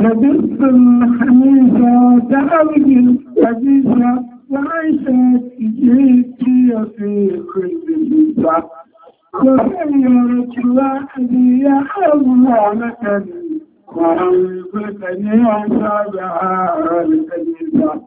لبثت الحميسة وتأوي الحديثة وعيشت جيتي في كل جيسة وخيرت وحدي يا حضانة وأوقتني عصابها الكنيسة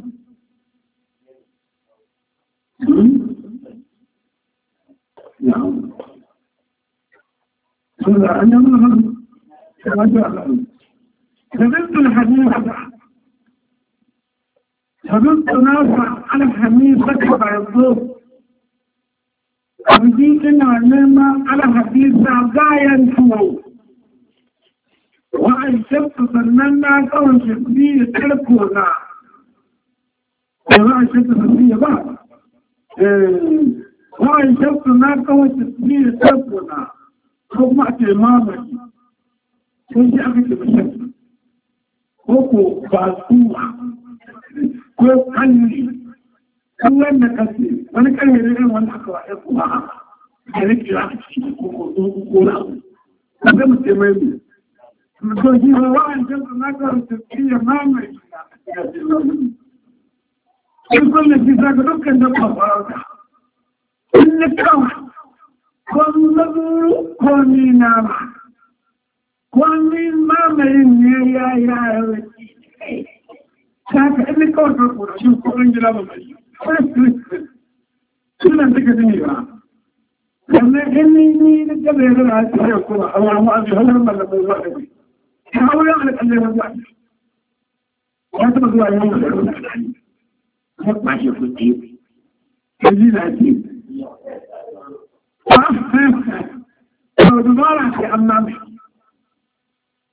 نعم هذا أنا ما هم سمعت الحديث سمعت نافع على الحديث كتب يطلب وجيت نعلم على حديث غاية سوء وأجبت سننا كون شكري تركونا وما أجبت سنية بعد wa'in n'a kawai ne da na? ko kuma a ce mamaki ko shi aka ce shaftuna ko ko ba basuwa ko kalli kallon da kasi wani kalli da irin wani aka wa'ai kuma a rike ya ci ko ko ko ko na ne ga mutum mai n'a to shi ba wa'in shaftuna kawai tasbih da mamaki in kullum shi zaka dukkan dabba Ilikawa, kwa mzaburu, kwa minama. Kwa minama yinye ya ya ewe. Sasa ilikawa kwa kura, yuko injila mabali. Sula ndika diniwa. Kama ini ni nikabe ya rana ya kura, Allah maazi halarma la mawari. Hawa yaglik Allah mawari. Wata mazuwa ya mawari. Mutma shi kuti. Kazi na tibi. Ọdúnmọ́ra ti àmàmì.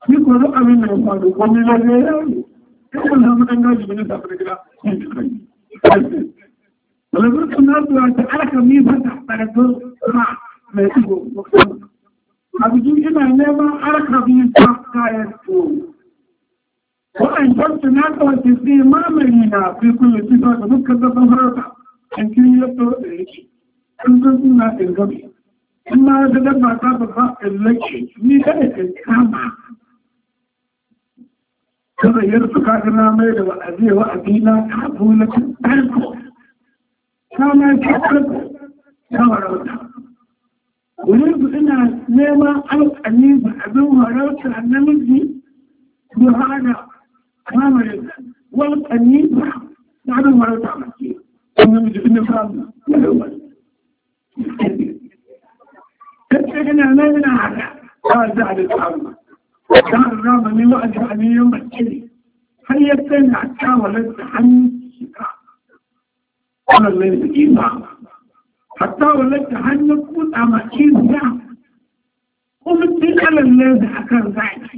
Nígbòrò àmì nà ìpàdé omi lọ́lẹ́ ẹ̀rọ. Ẹgbẹ̀rún ọmọ ẹgbẹ̀rún ìgbẹ̀rún ìgbẹ̀rún ìgbẹ̀rún ìgbẹ̀rún. Ọlọ́gbọ́n náà tó àti alákàmí bàtà pẹ̀lú tó máa mẹ́rin gbogbo. Àbìjú ina neman alákàmí bàtà ẹ̀ tó. وأنشرت ناقة في ما مرينا في كل صفات مكتبة فرطة أنت يبدو إليك an san suna irgabi in ma da dabba ta fasa illake ni kada ka kama ta zayar su ka ina mai da wa'azi wa'azi na ta bula ta ɗarko ta ma ta ɗarko ta warauta wurin su ina neman alƙali ba abin warauta namiji ba hana kama da walƙali ba ta abin warauta mace. Wani namiji ina samu, ya yi wani. إنا لنا يعني على يعني؟ أنا أنا أنا من أنا أنا أنا أنا أنا أنا أنا أنا قال أنا أنا حتى أنا أنا أنا أنا أنا أنا أنا أنا أنا أنا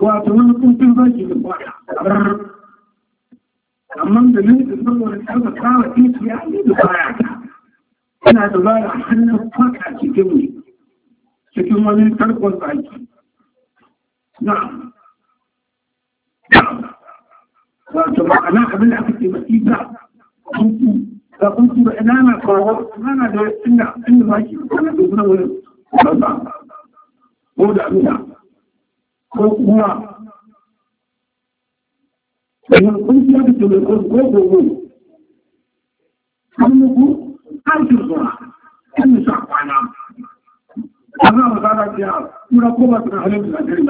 وأتمنى كنت أنا أنا أمام دليل الضوء أنا أنا أنا أنا ina da bara hannun faka cikin ne cikin wani karkon baki na wato ma'ana abin da aka ce masifa kunku ga kunku da ina na kawo ina da inda inda baki ana da wani wani babba ko da nuna ko kuma Yanzu kun fiye da tulikon ko gobe, an muku kanti zuwa kan sa kwana amma ba za ta ce mura ko ba su halin da zai